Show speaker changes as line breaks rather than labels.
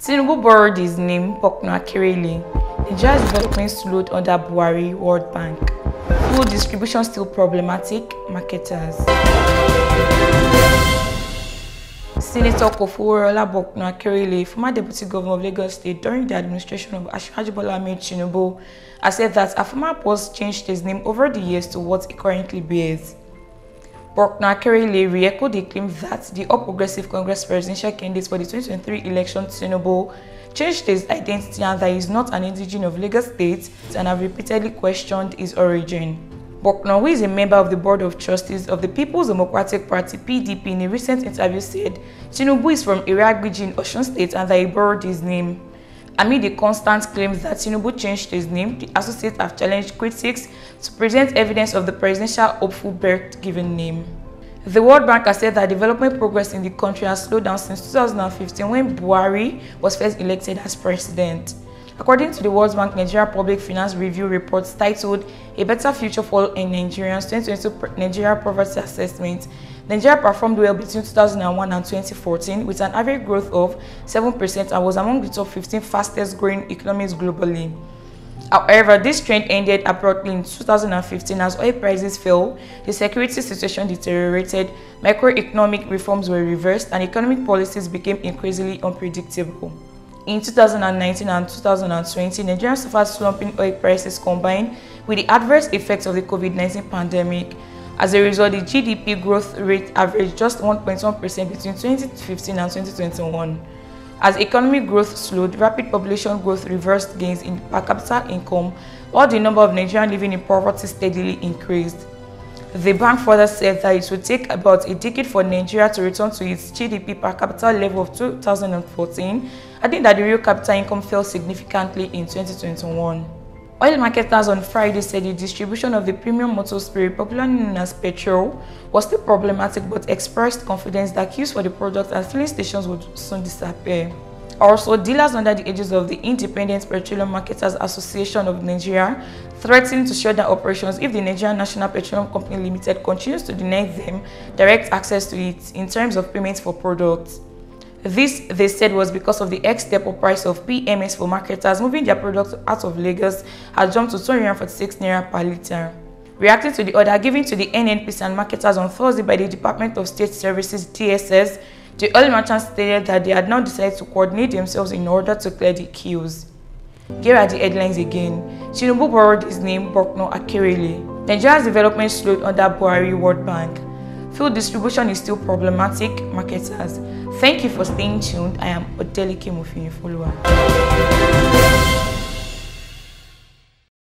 Tinubu borrowed his name, Pokno Akerele. Nigeria's development slowed under Buhari World Bank. Food distribution still problematic, marketers. Senator Kofuorola Bokna Akerele, former deputy governor of Lagos State during the administration of Ashwajibola Ahmed Tinubu, has said that a former post changed his name over the years to what it currently bears currently re-echoed the claim that the All Progressive Congress presidential candidate for the 2023 election, Chinubu, changed his identity and that he is not an indigenous of Lagos State and have repeatedly questioned his origin. Borkna, who is a member of the Board of Trustees of the People's Democratic Party PDP in a recent interview said Chinubu is from Iraq in Osun State and that he borrowed his name. Amid the constant claims that Tinubu changed his name, the associates have challenged critics to present evidence of the presidential hopeful birth-given name. The World Bank has said that development progress in the country has slowed down since 2015 when Buhari was first elected as president. According to the World Bank Nigeria Public Finance Review report titled A Better Future for All in Nigerians 2022 Nigeria Poverty Assessment, Nigeria performed well between 2001 and 2014 with an average growth of 7% and was among the top 15 fastest growing economies globally. However, this trend ended abruptly in 2015 as oil prices fell, the security situation deteriorated, macroeconomic reforms were reversed, and economic policies became increasingly unpredictable. In 2019 and 2020, Nigeria suffered slumping oil prices combined with the adverse effects of the COVID-19 pandemic. As a result, the GDP growth rate averaged just 1.1% between 2015 and 2021. As economic growth slowed, rapid population growth reversed gains in per capita income, while the number of Nigerians living in poverty steadily increased. The bank further said that it would take about a decade for Nigeria to return to its GDP per capita level of 2014, adding that the real capital income fell significantly in 2021. Oil marketers on Friday said the distribution of the premium motor spirit, popularly known as petrol, was still problematic but expressed confidence that queues for the product at filling stations would soon disappear. Also, dealers under the aegis of the Independent Petroleum Marketers Association of Nigeria threatened to shut down operations if the Nigerian National Petroleum Company Limited continues to deny them direct access to it in terms of payments for products. This, they said, was because of the ex-step price of PMS for marketers moving their products out of Lagos had jumped to 246 naira per litre. Reacting to the order given to the NNPs and marketers on Thursday by the Department of State Services DSS, the oil merchants stated that they had now decided to coordinate themselves in order to clear the queues. Here are the headlines again. Shinobu borrowed his name Bokno Akerele. Nigeria's development slowed under Buhari World Bank. Fuel distribution is still problematic, marketers. Thank you for staying tuned. I am Odelike Mufinifolua.